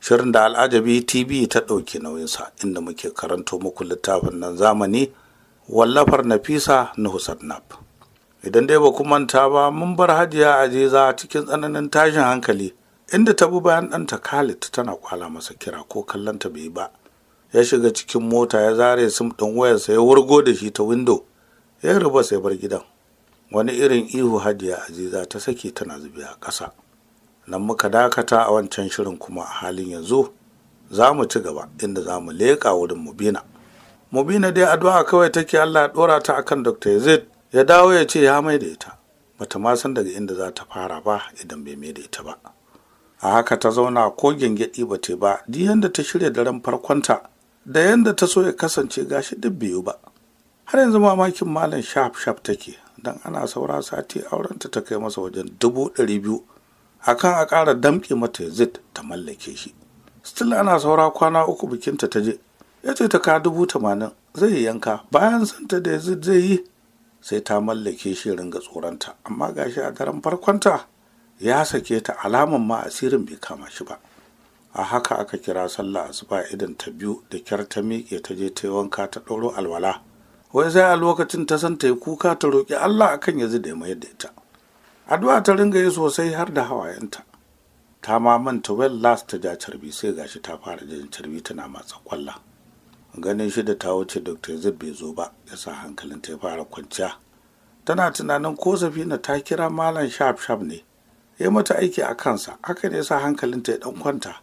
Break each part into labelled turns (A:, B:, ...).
A: shirin da al'ajabi tv ta ɗauki nauyinsa inda muke karanto muku littafin nan zamani wallafar nafisa na husannab idan dai ba manta ba mun bar hajiya aziza cikin tsananin tashin hankali inda ta bi bayan ɗanta khalid tana kwala masa kira ko kallonta bai ba ya shiga cikin mota ya zare sim ɗin wayarsa ya wurgo da shi ta windo ya ruba sai bar gidan wani irin ihu hajiya aziza ta sake tana zubi a ƙasa nan muka dakata a wancan shirin kuma a halin yanzu za mu ci gaba inda za mu leƙa wurin mubina mubina dai addu'a kawai take allah ya ɗora ta akan dr yazid ya dawo ya ce ya maida ita bata ma san daga inda za ta fara ba idan bai maida ita ba a haka ta zauna ko gyangyaɗi ba te ba duk yadda ta shirya daren farkonta da yadda ta so ya kasance gashi duk biyu ba har yanzu mamakin malam shaf shaf take don ana saura sati aurenta ta kai masa wajen dubu ɗari biyu akan a ƙara damƙe mata yazid ta mallake shi still ana saura kwana uku bikinta ta je ya ce ta ka dubu tamanin zai yi yanka bayan santa da yazid zai yi sai ta mallake shi ringa tsoronta amma gashi a daren farkonta ya sake ta alaman ma asirin bai kama shi ba a haka aka kira sallah asuba idan ta biyu da kyar ta miƙe ta je ta yi wanka ta ɗauro alwala wai sai a lokacin ta san ta yi kuka ta roƙi Allah akan ya zida ya mayar da ita addu'a ta ringa yi sosai har da hawayenta ta ma manta well last ta ja carbi sai gashi ta fara jin carbi tana matsa kwalla ganin shi da ta wuce dr zib bai zo ba ya sa hankalin ta ya fara kwanciya tana tunanin ko safina ta kira malam shaf shaf ne ya mata aiki a kansa haka ne sa hankalin ta ya dan kwanta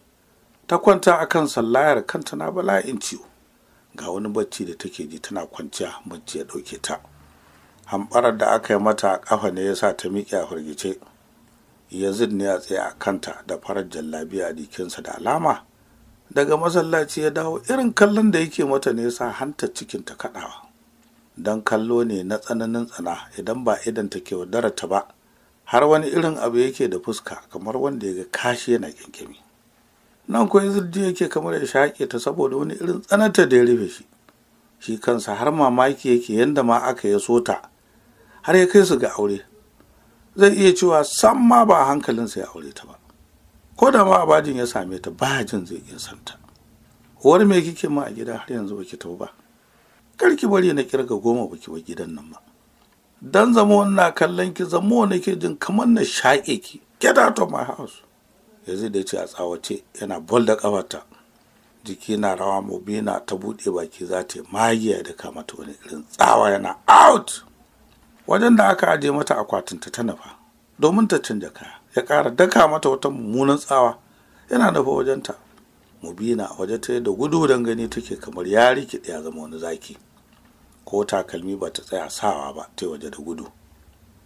A: ta kwanta a kan sallayar kanta na bala'in ciwo ga wani bacci da take ji tana kwanciya bacci ya ɗauke ta hamɓarar da aka yi mata a ƙafa ne ya sa ta miƙe a firgice yazid ne ya tsaye a kanta da farar jallabi a jikinsa da alama daga masallaci ya dawo irin kallon da yake mata ne sa hanta cikin ta kaɗawa don kallo ne na tsananin tsana idan ba idan ta ke ta ba har wani irin abu yake da fuska kamar wanda ya ga kashi yana kyankyami nan ko yazid yake kamar ya shaƙe ta saboda wani irin tsananta da ya rufe shi shi kansa har mamaki yake yadda ma aka yi sota. ta har ya kai su ga aure zai iya cewa san ma ba hankalinsa ya aure ta ba ko da ma abajin ya same ta ba jin zai iya santa uwar me kike ma a gida har yanzu baki tau ba kar ki bari na kirga goma baki ba gidan nan ba dan wani na kallon ki zama nake jin kamar na shaƙe ki get out of my house yanzu da ce a tsawace yana bol da kafarta jiki na rawa mobina ta buɗe baki za ta magiya da kamata wani irin tsawa yana out wajen da aka ajiye mata akwatinta ta nufa domin ta canja kaya ya ƙara daka mata wata mummunan tsawa yana nufa wajenta mubina waje ta da gudu don gani take kamar ya rikide ya zama wani zaki ko takalmi ba ta tsaya sawa ba ta waje da gudu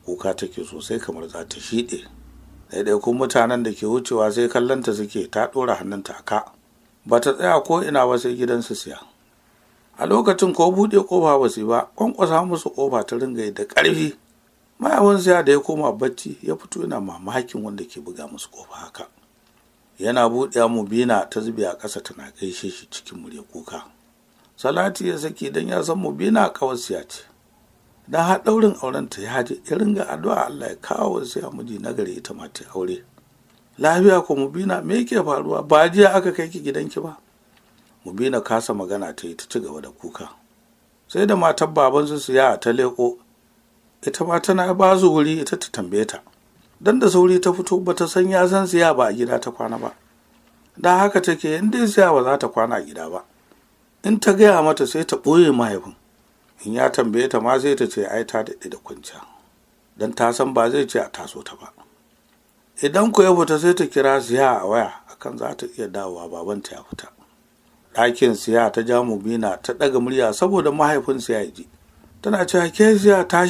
A: kuka take sosai kamar za ta shiɗe kun mutanen da ke wucewa sai kallonta suke ta ɗora hannunta a ka ba ta tsaya ko ina ba sai gidansu siya a lokacin ko buɗe ƙofa ba su ba kwankwasa musu ƙofa ta ringa da ƙarfi Mayawan siya da ya koma bacci ya fito yana mamakin wanda ke buga musu ƙofa haka yana buɗe mu bina ta zube a ƙasa tana gaishe shi cikin murya kuka salati ya saki don ya san mu bina kawasiya ce don har ɗaurin auren ta ya haje ya ringa addu'a Allah ya kawo siya miji na gari ita ma ta aure lafiya ko mu bina me ke faruwa ba jiya aka kai ki gidanki ba na kasa magana ta yi ta ci gaba da kuka sai da matar baban su ya ta leko ita ma tana ba su wuri ita ta tambaye ta dan da sauri ta fito ba ta san ya san siya ba a gida ta kwana ba da haka take in dai siya ba za ta kwana a gida ba in ta gaya mata sai ta ɓoye mahaifin in ya tambaye ta ma sai ta ce ai ta daɗe da kwanciya dan ta san ba zai ce a taso ta ba idan ku ya fita sai ta kira siya a waya akan za ta iya dawowa baban ta ya fita ɗakin siya ta ja mubina ta ɗaga murya saboda mahaifinsa ya ji tana cewa ke siya ta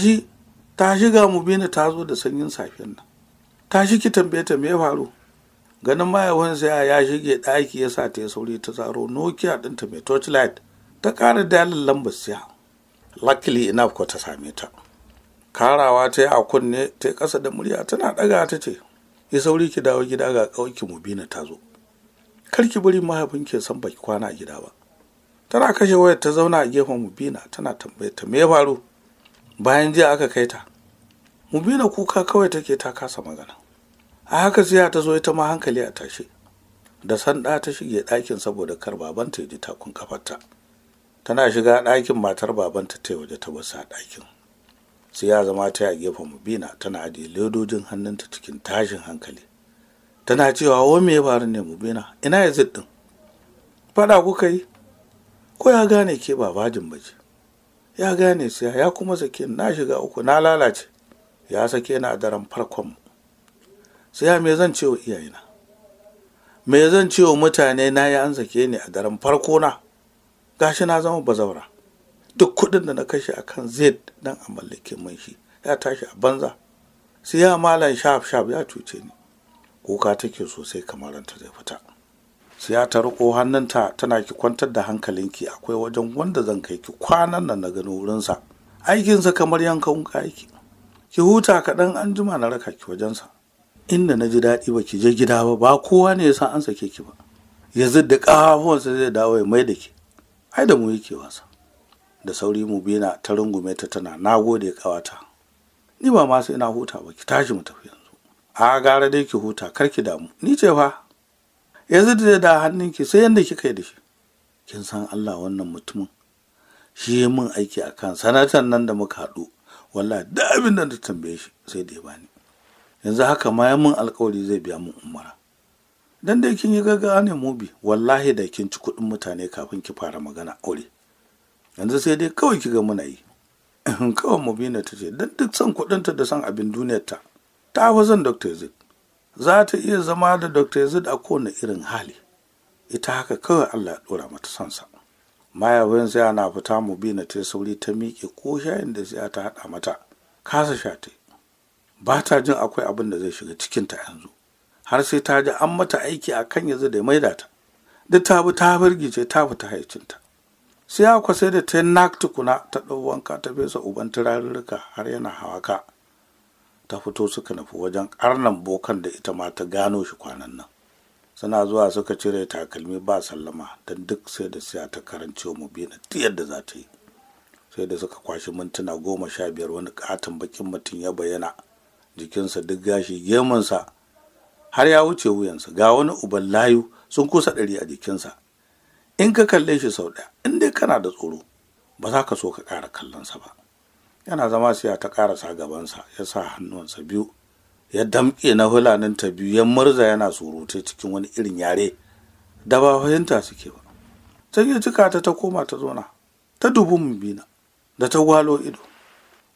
A: tashi ga mubina ta zo da sanyin safen nan tashi ki tambaye ta me faru ganin mahaifinsa ya shige ɗaki ya sa ta sauri ta tsaro nokia ta mai torchlight ta ƙara dalin lambar siya luckily enough ko ta same ta karawa ta yi a kunne ta yi ƙasa da murya tana ɗaga ta ce yi sauri ki dawo gida ga ƙauki mubina ta zo kar ki bari mahaifin ke san baki kwana a gida ba tana kashe wayar ta zauna a gefen mubina tana tambayar ta me faru bayan jiya aka kai ta mubina kuka kawai take ta kasa magana a haka sai ta zo ita ma hankali a tashi da san sanda ta shige ɗakin saboda kar babanta ya ji takun kafarta tana shiga ɗakin matar babanta ta waje ta basa ɗakin sai ya zama ta a gefen mubina tana ajiye ledojin hannunta cikin tashin hankali tana cewa wa me ya faru ne mubina ina ya din fada kuka yi ko ya gane ke ba bajin baje? ya gane siya ya kuma sake na shiga uku na lalace ya sake na a daren farkon Sai ya me zan cewa wa iyayena me zan cewa mutane na ya an sake ni a daren farko na gashi na zama bazaura. duk kuɗin da na kashe akan kan zed dan a mallake mun shi ya tashi a banza Sai siya malam shaf shaf ya cuce ni kuka take sosai kamar ranta zai fita sai ta riko hannunta tana ki kwantar da hankalinki akwai wajen wanda zan kai ki kwanan nan na gano wurinsa aikinsa kamar yanka wuka yake ki huta kaɗan an jima na raka ki wajensa inda na ji daɗi ba ki je gida ba ba kowa ne ya san an sake ki ba yanzu da sa zai dawo ya mai da ki ai da mu yake wasa da sauri mu bina ta rungume ta tana nagode kawata ni ba ma sai na huta ba ki tashi mu tafiya. a gara dai ki huta kar ki damu ni ce fa yanzu da da ki sai yanda kika yi da shi kin san Allah wannan mutumin shi ya min aiki a kan sanatan nan da muka haɗu wallahi da abin da tambaye shi sai da ya bani yanzu haka ma ya mun alkawari zai biya mun umara dan dai kin yi gaggawa ne mu bi. wallahi da kin ci kuɗin mutane kafin ki fara magana aure yanzu sai dai kawai ki ga muna yi kawai mubina ta ce don duk son kuɗinta da san abin ta. ta fi zan dr yazid za ta iya zama da dr yazid a kowane irin hali ita haka kawai allah ya ɗora mata sansa maya zai na fita mu bi na ta sauri ta miƙe ko shayin da zai ta haɗa mata kasa sha ta ba ta jin akwai abin da zai shiga cikinta yanzu har sai ta ji an mata aiki a kan yanzu da maida ta duk ta bi ta birgice ta fita haicinta sai kwasai sai da ta nak tukuna ta ɗau wanka ta fesa uban turarurruka har yana hawa ka. ta fito suka nufi wajen ƙarnan bokan da ita ma ta gano shi kwanan nan suna zuwa suka cire takalmi ba sallama don duk sai da siya ta karance mu biyu na da za ta yi sai da suka kwashi mintuna goma sha biyar wani katon bakin mutum ya bayyana jikinsa duk gashi gemunsa har ya wuce wuyansa ga wani uban layu sun kusa ɗari a jikinsa in ka kalle shi sau ɗaya in dai kana da tsoro ba za ka so ka ƙara kallonsa ba yana zama siya ta karasa gabansa ya sa hannuwansa biyu ya damƙe na hulanin ta biyu ya murza yana surute cikin wani irin yare da ba fahimta suke ba sai ya jika ta ta koma ta zona ta dubi bina da ta gwalo ido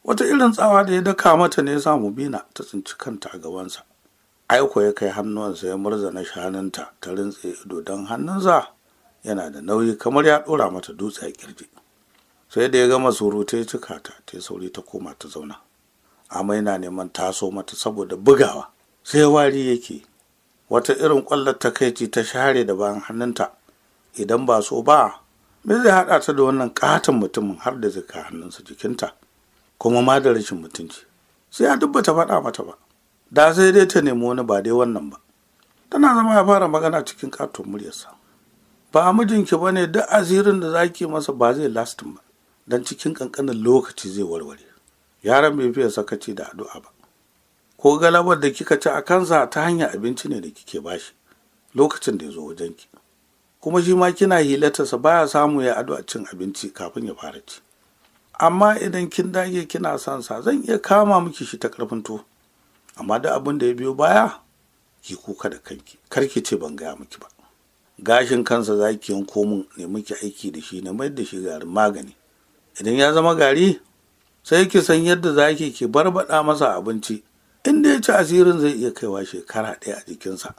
A: wata irin tsawa da ya daka mata ne sa bina ta tsinci kanta a gabansa aiko ya kai hannuwansa ya murza na shanunta ta rintse ido don hannunsa yana da nauyi kamar ya ɗora mata dutse a kirji sai da ya gama surutai cika ta ta sauri ta koma ta zauna amai na neman taso mata saboda bugawa sai wari yake wata irin kwallar takaici ta share da bayan hannunta idan ba so ba me zai haɗa ta da wannan katon mutumin har da zika hannunsa jikinta kuma ma da rashin mutunci sai a dubba ta faɗa mata ba da sai dai ta nemo wani ba dai wannan ba tana zama ya fara magana cikin katon muryarsa ba mijinki ba ne duk asirin da zaki masa ba zai lastin ba don cikin ƙanƙanin lokaci zai warware yaran bai fiye sakaci da addu'a ba ko galabar da kika ci a kansa ta hanyar abinci ne da kike bashi lokacin da ya zo wajen ki. kuma shi ma kina hilatarsa baya samu ya addu'a cin abinci kafin ya fara ci amma idan kin dage kina son sa zan iya kama miki shi ta karfin to amma da abin da ya biyo baya ki kuka da kanki kar ki ce ban gaya miki ba gashin kansa zaki yanko min ne miki aiki da shi na mai da shi garin magani idan ya zama gari sai ki san yadda za ki barbaɗa masa abinci inda ya ci asirin zai iya kaiwa shekara ɗaya a jikinsa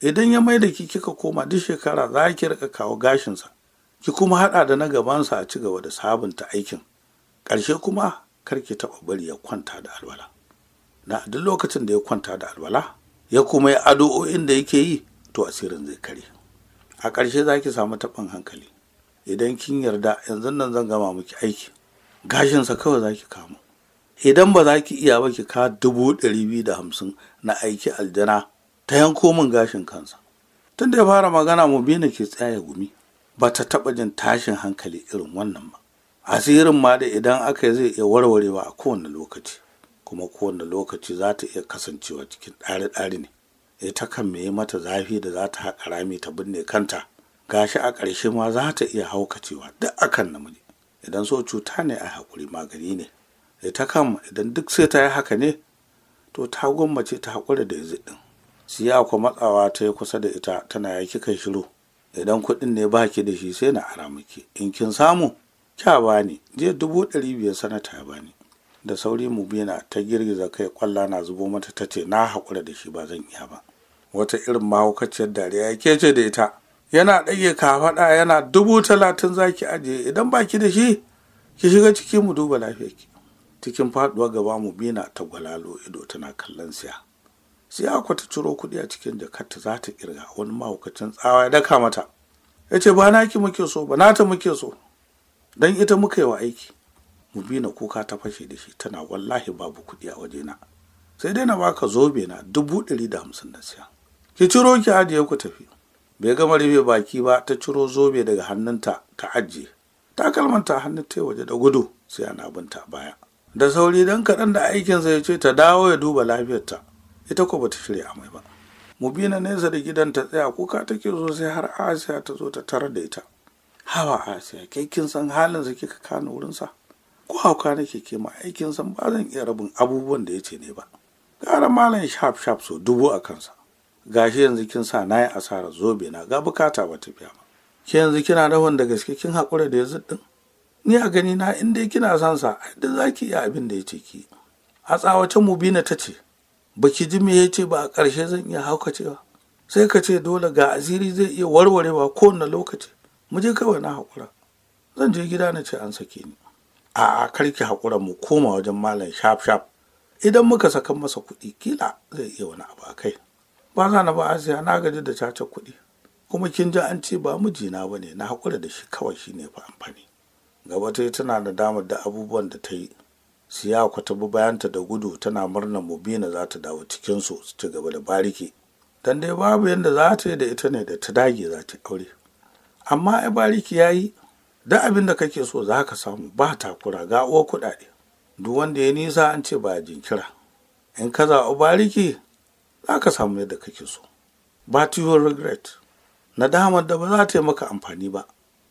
A: idan ya mai da ki kika koma duk shekara za ki rika kawo gashinsa ki kuma haɗa da na gabansa a ci gaba da sabunta aikin ƙarshe kuma kar ki taɓa bari ya kwanta da alwala na duk lokacin da ya kwanta da alwala
B: ya kuma yi addu'o'in
A: da yake yi to asirin zai kare a ƙarshe za ki samu taɓin hankali idan kin yarda yanzu nan zan gama miki aiki gashinsa kawai zaki kama idan ba za ki iya ba ki ka dubu ɗari biyu da hamsin na aiki aljana ta yanko min gashin kansa tun da ya fara magana mu bina ke tsaya gumi ba ta taɓa jin tashin hankali irin wannan ba asirin ma da idan aka zai iya warwarewa a kowane lokaci kuma kowane lokaci za ta iya kasancewa cikin ɗari-ɗari ne ita kan me mata zafi da za ta haƙa rami ta binne kanta gashi a ƙarshe ma za ta iya haukacewa duk akan namiji idan so cuta ne a haƙuri magani ne ita kama idan duk sai ta yi haka ne to ta gwammace ta haƙura da yanzu ɗin siya ku matsawa ta yi kusa da ita tana ya kika shiru idan kuɗin ne ba ki da shi sai na ara miki in kin samu kya bani jiya dubu ɗari biyar sanata ya bani da sauri mu mubina ta girgiza kai kwalla na zubo mata ta ce na haƙura da shi ba zan iya ba wata irin mahaukaciyar dariya ya kece da ita yana ɗage kafaɗa yana dubu talatin za ki ajiye idan ba ki da shi ki shiga ciki mu duba ki cikin faɗuwa gaba mu bina ta gwalalo ido tana kallon siya Sai ku ta ciro kuɗi a cikin jakarta za ta ƙirga, wani mahaukacin tsawa ya daka mata ya ce ba naki muke so ba nata muke so dan ita muka yi wa aiki mu bina kuka ta fashe da shi tana wallahi babu kuɗi a wajena sai dai na baka zobe na dubu ɗari da hamsin da siya ki ciro ki ajiye ku tafi bai gama rufe baki ba ta ciro zobe daga hannunta ta ajiye takalmanta hannun ta waje da gudu sai ana binta baya da sauri dan kaɗan da aikinsa ya ce ta dawo ya duba lafiyarta ita ko bata shirya amai ba Mu mubina nesa da gidan ta tsaya kuka take zo sai har asiya ta zo ta tarar da ita hawa asiya kai kin san halin sa kika kana wurinsa ko hauka nake ke ma aikin san ba zan iya rabin abubuwan da ya ce ne ba gara malam shaf shaf so dubu a kansa gashi yanzu kin sa na yi asarar zobe na ga bukata ba tafiya ba ki yanzu kina da da gaske kin haƙura da yanzu ɗin ni a gani na in dai kina son sa duk za ki iya abin da ya ce ki a tsawace mubina ta ce ba ki ji me ya ce ba a ƙarshe zan iya haukacewa sai ka ce dole ga asiri zai iya warwarewa kowane lokaci mu je kawai na haƙura zan je gida na ce an sake ni a'a kar ki haƙura mu koma wajen malam shaf shaf idan muka sakan masa kuɗi kila zai iya wani abu a kai ba za na ba asiya na gaji da caca kuɗi kuma kin ji an ce ba mijina ba ne na haƙura da shi kawai shi ne fa amfani gaba ta yi tana da damar da abubuwan da ta yi siya ku ta bayanta da gudu tana murnar mubina za ta dawo cikin su ci gaba da bariki dan dai babu yadda za ta yi da ita ne da ta dage za ta aure amma ai bariki ya yi da abin da kake so za ka samu ba takura ga uwa kuɗaɗe duk wanda ya nisa an ce ba jinkira in ka zaɓi bariki za ka samu yadda kake so Ba you will regret nadamar da ba za ta yi maka amfani ba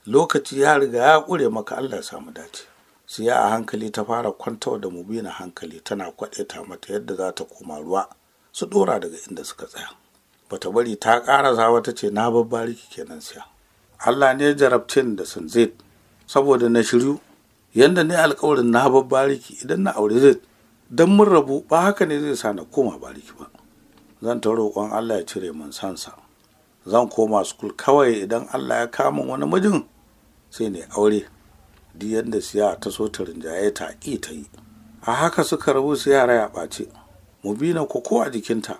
A: lokaci ya riga ya kure maka Allah samu dace sai ya a hankali ta fara kwantar da mu mubina hankali tana kwaɗeta mata yadda za ta koma ruwa su ɗora daga inda suka tsaya bata bari ta ƙara ƙarasa wata ce na babbari kenan siya Allah ne jarabtin da sun zai saboda na shiryu yadda ne alkawarin na babbariki idan na aure zai don mun rabu ba haka ne zai sa na koma bariki ba zan ta roƙon Allah ya cire min sansa zan koma school kawai idan Allah ya kama wani mijin sai ne aure duk yadda siya ta so ta rinjaye ta ƙi ta yi a haka suka rabu su yara ya ɓace mu bi na koko a jikinta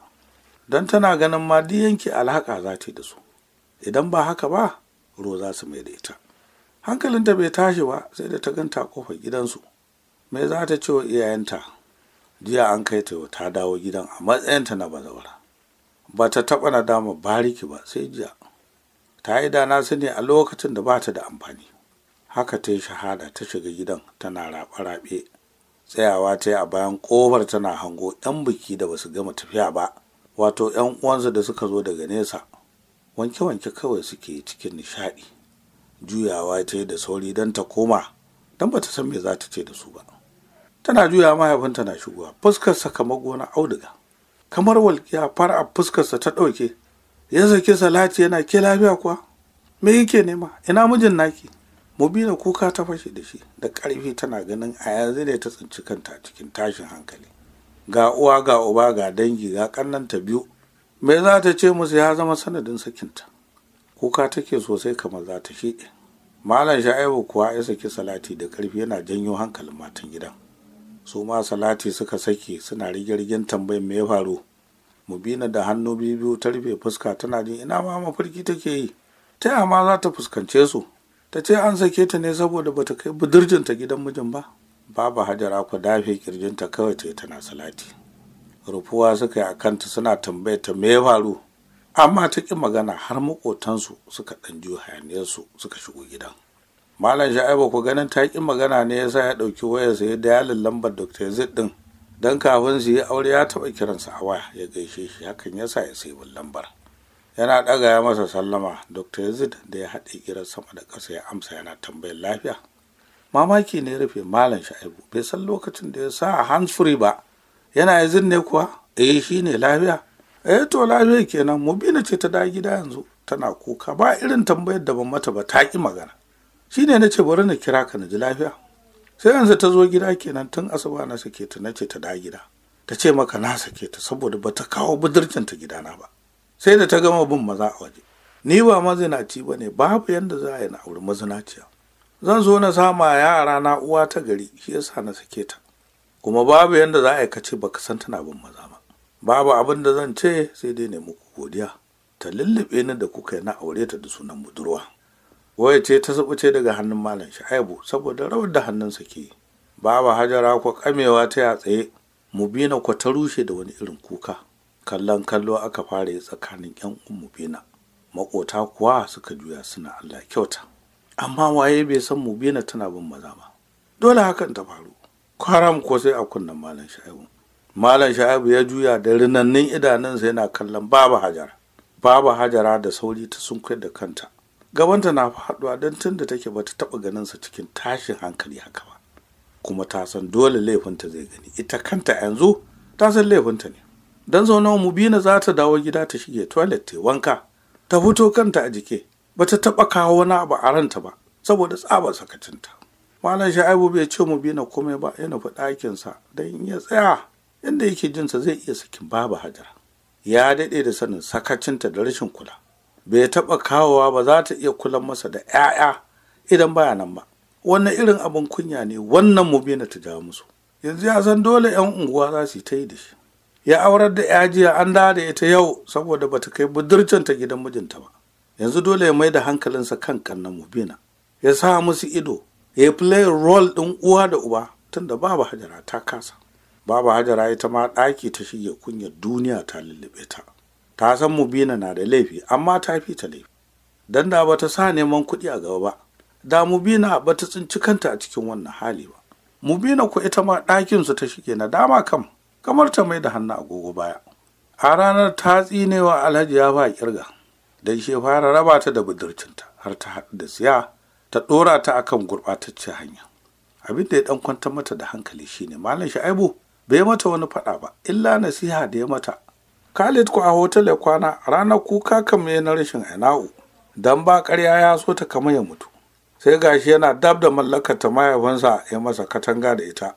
A: don tana ganin ma duk yanki alhaka za ta da su idan ba haka ba ro za su mai da ita hankalinta bai tashi ba sai da ta ganta kofar gidansu me za ta ce wa iyayenta jiya an kai ta ta dawo gidan a matsayinta na bazawara ba ta taɓa nadama bariki ba sai jiya ta yi da nasu ne a lokacin da ba ta da amfani haka ta yi shahada ta shiga gidan tana raɓe-raɓe tsayawa ta yi a bayan ƙofar tana hango 'yan biki da basu gama tafiya ba wato 'yan uwansa da suka zo daga nesa wanke-wanke kawai suke cikin nishaɗi juyawa ta yi da sauri don ta koma don ba ta san me za ta ce da su ba tana juya mahaifinta na shigowa fuskarsa kamar gona auduga kamar walƙiya fara fuskarsa ta ɗauke ya sake salati yana ke lafiya kuwa me yake nema ina mijin naki mubina kuka ta fashe da shi da ƙarfi tana ganin a yanzu ne ta tsinci kanta cikin tashin hankali ga uwa ga uba ga dangi ga ƙannanta biyu me za ta ce musu ya zama sanadin sakinta kuka take sosai kamar za ta shiɗe malam sha'ibu kuwa ya saki salati da ƙarfi yana janyo hankalin matan gidan su ma salati suka sake suna rigirgin tambayin me ya faru bina da hannu biyu ta rufe fuska tana jin ina ma mafarki take yi ta yama za ta fuskance su ta ce an sake ta ne saboda bata kai budurjin ta gidan mijin ba babu hajara ku dafe kirjinta kawai ta tana salati rufuwa suka yi a kanta suna tambaye ta me ya faru amma ta ƙi magana har maƙotansu suka ɗan ju hayaniyarsu suka shigo gidan malam sha'ibu ku ganin taƙin magana ne ya sa ya ɗauki wayarsa ya dayalin lambar dr Yazid ɗin don kafin su yi aure ya taɓa kiransa a waya ya gaishe shi hakan ya sa ya sayi lambar yana ɗaga ya masa sallama dr yazid da ya haɗe kiran sama da ƙasa ya amsa yana tambayar lafiya mamaki ne rufe malam sha'ibu bai san lokacin da ya sa a free ba yana yazid ne kuwa eh shi ne lafiya eh to lafiya kenan mubina ce ta da gida yanzu tana kuka ba irin tambayar da ban mata ba ta magana shi ne na ce bari na kira ka na ji lafiya sai yanzu ta zo gida kenan tun asuba na sake ta nace ta da gida ta ce maka na sake ta saboda ba ta kawo budurcin ta gidana ba sai da ta gama bin maza a waje ni ba mazinaci ba ne babu yadda za a yi na auri mazinaciya zan zo na sama yara na uwa ta gari shi yasa na sake ta kuma babu yadda za a yi kace baka san tana bin maza ba babu abin da zan ce sai dai ne muku godiya ta lullube ni da kuka yi na aure ta da sunan budurwa waya ce ta sabuce daga hannun malam sha'ibu saboda rawar da hannunsa ke baba hajara ko kamewa ta ya tsaye mubina ko ta rushe da wani irin kuka kallon kallo aka fara yi tsakanin yan mubina makota kuwa suka juya suna allah kyauta amma waye bai san mubina tana bin maza ba dole hakan ta faru kwaram ko sai a kunnen malam sha'ibu malam sha'ibu ya juya da rinannin idanunsa yana kallon baba hajara baba hajara da sauri ta sunkuyar da kanta gabanta na faɗuwa don tun da take bata taɓa sa cikin tashin hankali haka ba kuma ta san dole laifinta zai gani ita kanta yanzu ta san laifinta ne don zaune mubina za ta dawo gida ta shige toilet ta wanka ta fito kanta a jike bata taɓa kawo wani abu a ranta ba saboda tsaba sakacinta malam sha'ibu bai ce mu mubina komai ba ya nufi ɗakinsa don in ya tsaya inda yake jinsa zai iya sakin babu hajara ya daɗe da sanin sakacinta da rashin kula bai taɓa kawowa ba za ta iya kula masa da 'ya'ya idan baya nan ba wannan irin abin kunya ne wannan mubina ta jamusu. musu yanzu ya san dole 'yan unguwa za su ta yi da shi ya aurar da 'ya jiya an da da ita yau saboda ba ta kai budurcin ta gidan mijinta ba yanzu dole ya mai da hankalinsa kan kannan mubina ya sa musu ido ya play role ɗin uwa da uba tunda babu hajara ta kasa babu hajara ita ma ɗaki ta shige kunyar duniya ta lullube ta ta san mubina na da laifi amma ta fi ta laifi don da ta sa neman kuɗi a gaba ba da mubina bata tsinci kanta a cikin wannan hali ba mubina ko ita ma ɗakin su ta shige na dama kam kamar ta mai da hannu agogo baya a ranar ta tsinewa alhaji ya ba kirga dan shi fara raba ta da budurcinta har ta haɗu da siya ta ɗora ta akan gurɓataccen hanya abin da ya ɗan kwanta mata da hankali shine malam sha'ibu bai mata wani faɗa ba illa nasiha da ya mata Khalid ku a hotel ya kwana ranar kuka kamar na rashin aina'u dan ba ƙarya ya so ta kama ya mutu sai gashi yana dab da mallakar ta mahaifinsa ya masa katanga da ita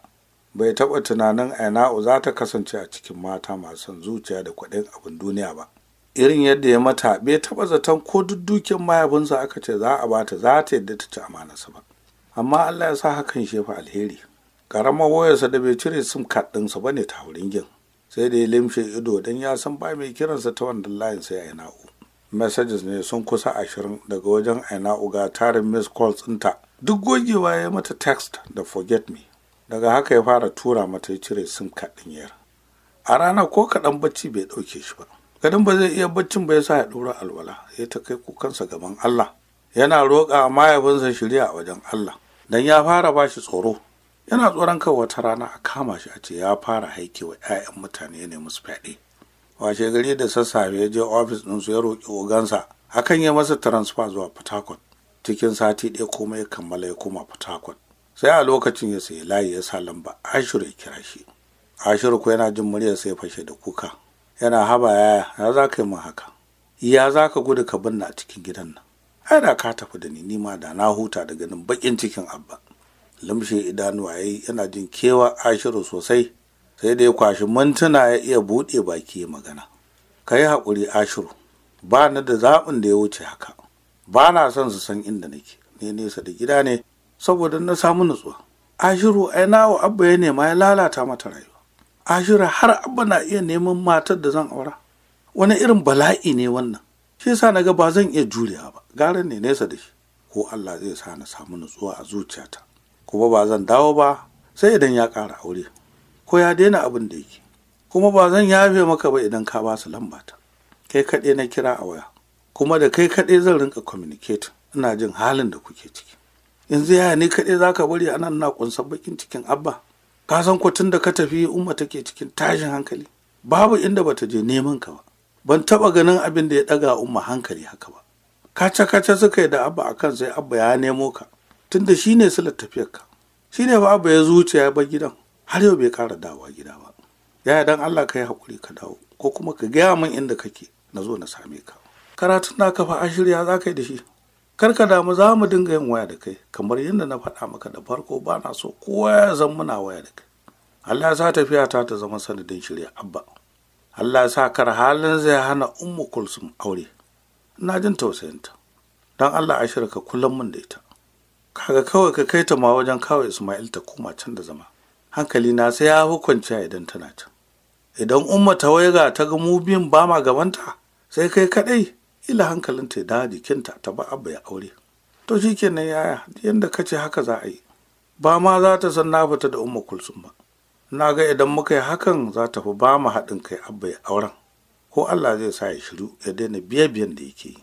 A: bai taɓa tunanin aina'u za ta kasance a cikin mata masu zuciya da kuɗin abin duniya ba irin yadda ya mata bai taɓa zaton ko dukkan mahaifinsa aka ce za a bata za ta yadda ta ci amanarsa ba amma allah ya sa hakan shefa alheri Karamar wayarsa da bai cire sim card ɗinsa ba ne ta wurin gin sai da ya limshe ido don ya san ba mai kiransa ta wannan layin sai aina'u messages ne sun kusa ashirin daga wajen aina'u ga tarin miss calls ɗinta duk gogewa ya mata text da forget me daga haka ya fara tura mata ya cire sim card ɗin yar a rana ko kaɗan bacci bai ɗauke shi ba gadin ba zai iya baccin ba ya sa ya ɗora alwala ya ta kai kukansa gaban Allah yana roƙa mahaifinsa shirya a wajen Allah Don ya fara bashi tsoro yana tsoron kawai wata rana a kama shi a ce ya fara haike wa 'ya'yan mutane ne musu fyaɗe washe gari da sassafe ya je ofis ɗinsu ya roƙi ogansa hakan ya masa transfer zuwa port cikin sati ɗaya komai ya kammala ya koma port sai a lokacin ya sayi layi ya sa lamba ashiru ya kira shi ashiru ko yana jin muryar sai fashe da kuka yana haba yaya ya za ka yi min haka ya za ka gudu ka binne a cikin gidan nan ai da ka tafi da ni nima da na huta daga ganin bakin cikin abba limshe idanuwa yayi yana jin kewa ashiru sosai sai da ya kwashi mintuna ya iya buɗe baki magana ka yi haƙuri ashiru ba na da zaɓin da ya wuce haka ba na son su san inda nake ne nesa da gida ne saboda na samu nutsuwa ashiru ai nawa abba ya nema ya lalata mata rayuwa ashiru har abba na iya neman matar da zan aura wani irin bala'i ne wannan shi yasa na ga ba zan iya juriya ba gara ne nesa da shi ko allah zai sa na samu nutsuwa a zuciyata kuma ba zan dawo ba sai idan ya ƙara aure ko ya daina abin da yake kuma ba zan yafe maka ba idan ka ba su lamba kai kaɗai na kira a waya kuma da kai kaɗai zan rinka communicate ina jin halin da kuke ciki yanzu yaya ni kaɗai za ka bari anan na ƙunsa bakin cikin abba ka san tun da ka tafi umma take cikin tashin hankali babu inda bata je neman ka ba ban taɓa ganin abin da ya ɗaga umma hankali haka ba kaca kaca suka yi da abba akan sai abba ya nemo ka tunda shi ne silar tafiyarka shi ne babu ya zuciya ba gidan har yau bai kara dawa gida ba yaya dan Allah ka yi haƙuri ka dawo ko kuma ka gaya min inda kake na zo na same ka karatun na kafa a shirya za ka yi da shi kar ka damu za mu dinga yin waya da kai kamar yadda na faɗa maka da farko ba na so kowa ya zan muna waya da kai Allah ya sa tafiya ta ta zama sanadin shirya abba Allah ya sa kar halin zai hana ummu kulsum aure ina jin tausayinta don Allah a shirka kullum mun da ita kaga kawai ka kai ta ma wajen kawai Ismail ta koma can da zama hankali na sai ya hukunta idan tana can idan umma ta waiga ta ga mu biyun ba ma gabanta sai kai kadai ila ta ya da jikinta ta ba abba ya aure to shikenan yaya yanda ka ce haka za a yi ba ma za ta san na fita da umma kulsun ba na ga idan muka yi hakan za ta fi ba mu haɗin kai abba ya auren ko allah zai sa ya shiru ya daina biye biyan da yake yi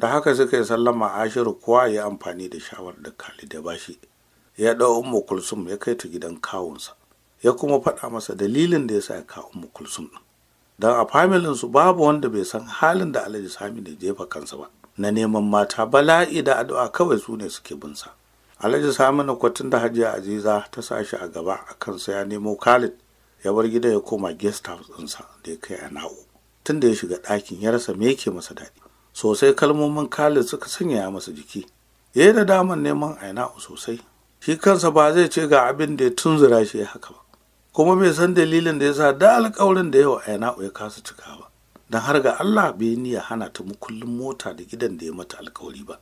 A: da haka suka yi sallama ashiru kowa ya amfani da shawar da khalid ya bashi ya ɗau ummu kulsum ya kai ta gidan kawunsa ya kuma faɗa masa dalilin da ya sa ya kawo ummu kulsum ɗin don a familin su babu wanda bai san halin da alhaji sami da jefa kansa ba na neman mata bala'i da addu'a kawai su ne suke bin sa alhaji sami na kwatin da hajiya aziza ta sa shi a gaba a kansa ya nemo khalid ya bar gida ya koma guest house ɗinsa da ya kai a na'u tun da ya shiga ɗakin ya rasa me yake masa daɗi sosai kalmomin Khalid suka sanya masa jiki ya yi da daman neman aina sosai shi kansa ba zai ce ga abin da ya tunzura shi ya haka ba kuma bai san dalilin da ya sa da alkawarin da yau aina ya kasa cika ba don har ga Allah bai niyya hana ta mukullin mota da gidan da ya mata alkawari ba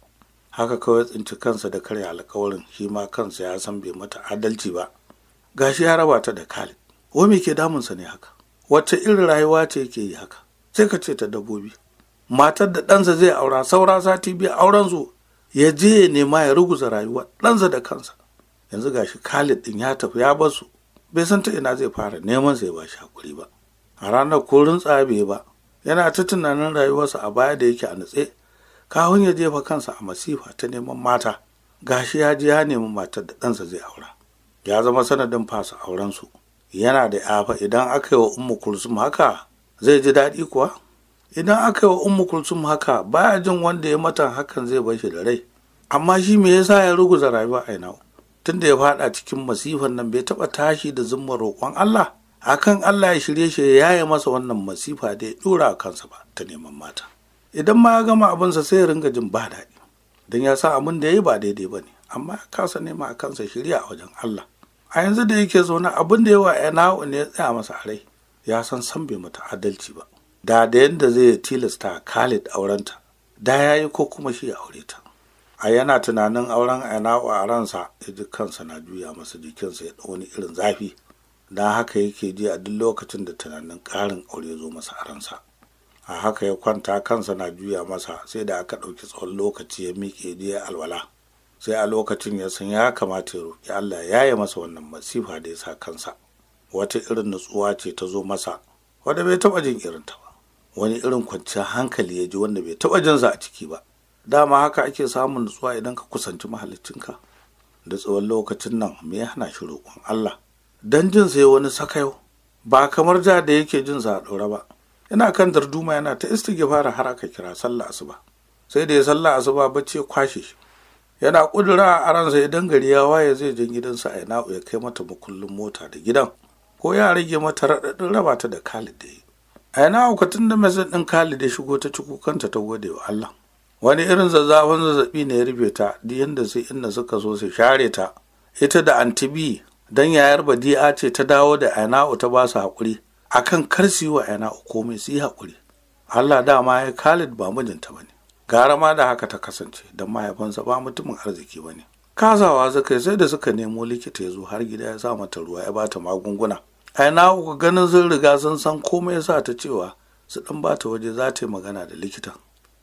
A: haka kawai tsinci kansa da karya alkawarin shi ma kansa ya san bai mata adalci ba gashi ya raba ta da Khalid wai me ke damunsa ne haka wacce irin rayuwa ce yake yi haka sai ka ce ta dabbobi matar da ɗansa zai aura saura sati biyu auren su ya je ya nema ya ruguza rayuwa ɗansa da kansa yanzu gashi khalid ɗin ya tafi ya basu bai san ta ina zai fara neman sai ba shi hakuri ba a ranar ko rintsa bai ba yana ta tunanin rayuwarsa a baya da yake a nutse kawun ya jefa kansa a masifa ta neman mata gashi ya je ya nemi matar da ɗansa zai aura ya zama sanadin fasa su yana da yafa idan aka yi wa umma kulsum haka zai ji daɗi kuwa idan aka yi wa ummu kulsum haka baya jin wanda ya mata hakan zai bar shi da rai amma shi me yasa ya ruguza rayuwa a ina tunda ya fada cikin masifan nan bai taba tashi da zumma roƙon Allah akan Allah ya shirye shi ya yaye masa wannan masifa da ya dora a kansa ba ta neman mata idan ma ya gama abinsa sai ya ringa jin ba daɗi dan ya sa abin da ya yi ba daidai ba ne amma ya kasa nema a kansa shirya a wajen Allah a yanzu da yake zaune abin da yawa ya nawo ne ya tsaya masa a rai ya san san bai mata adalci ba da da yadda zai tilasta khalid aurenta da ya yi ko kuma shi aure ta a yana tunanin auren ana'u a ransa ya kansa na juya masa jikinsa ya wani irin zafi don haka yake ji a duk lokacin da tunanin ƙarin aure zo masa a ransa a haka ya kwanta kansa na juya masa sai da aka ɗauki tsawon lokaci ya miƙe ya alwala sai a lokacin ya san ya kamata ya roƙi allah ya yi masa wannan masifa da ya sa kansa wata irin nutsuwa ce ta zo masa wadda bai taɓa jin irin ta ba wani irin kwanciyar hankali ya ji wanda bai taɓa jinsa a ciki ba dama haka ake samun nutsuwa idan ka kusanci mahaliccinka? da tsawon lokacin nan me ya hana shi roƙon Allah dan jin sai wani sakayo ba kamar ja da yake jin sa a ɗaure ba yana kan darduma yana ta fara har aka kira sallah asuba sai da ya sallah asuba bacci kwashe shi yana kudura a ransa idan gari ya waye zai je gidansa a na'u ya kai mata makullin mota da gidan
B: ko ya rage mata raɗaɗin raba ta
A: da Khalid da yi a yana aukatun da mai ɗin khalid ya shigo ta ciko kanta ta gode wa allah wani irin zazzafin zazzabi ne ya rufe ta duk yadda sai inda suka so su share ta ita da antibi don yayar badi'a ce ta dawo da aina'u ta ba su haƙuri akan kar su yi wa uku komai su yi haƙuri allah dama ya khalid ba mijinta ba ne gara ma da haka ta kasance don mahaifansa ba mutumin arziki ba ne Kazawa Zakai sai da suka nemo likita ya zo har gida ya sa mata ruwa ya bata magunguna ai na ku ganin sun riga sun san komai yasa ta cewa su dan bata waje za ta yi magana da likitan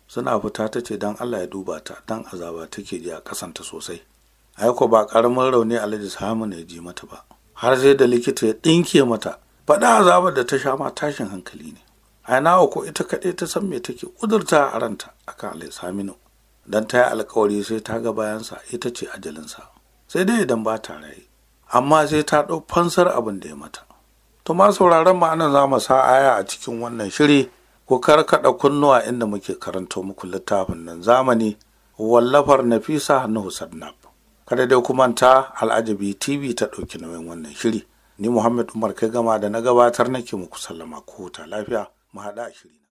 A: suna fita ta ce don allah ya duba ta don azaba take ji a kasanta sosai aiko ba karamin rauni alhaji samu ne ji mata ba har sai da likita ya ɗinke mata faɗa azabar da ta sha ma tashin hankali ne ainawa ko ita kaɗai ta san me take ƙudurta a ranta akan alhaji saminu dan ta yi alkawari sai ta ga bayansa ita ce ajalinsa sai dai idan ba ta raye amma sai ta ɗau fansar abin da ya mata To ma sauraron mu anan za mu sa aya a cikin wannan shiri ku kaɗa kunnuwa inda muke karanto muku littafin nan zamani wallafar Nafisa na Sadnab. Kada dai kumanta Al'ajabi TV ta ɗauki nauyin wannan shiri. Ni Muhammad Umar kai gama da na gabatar nake muku sallama ku huta lafiya mu haɗa a shiri.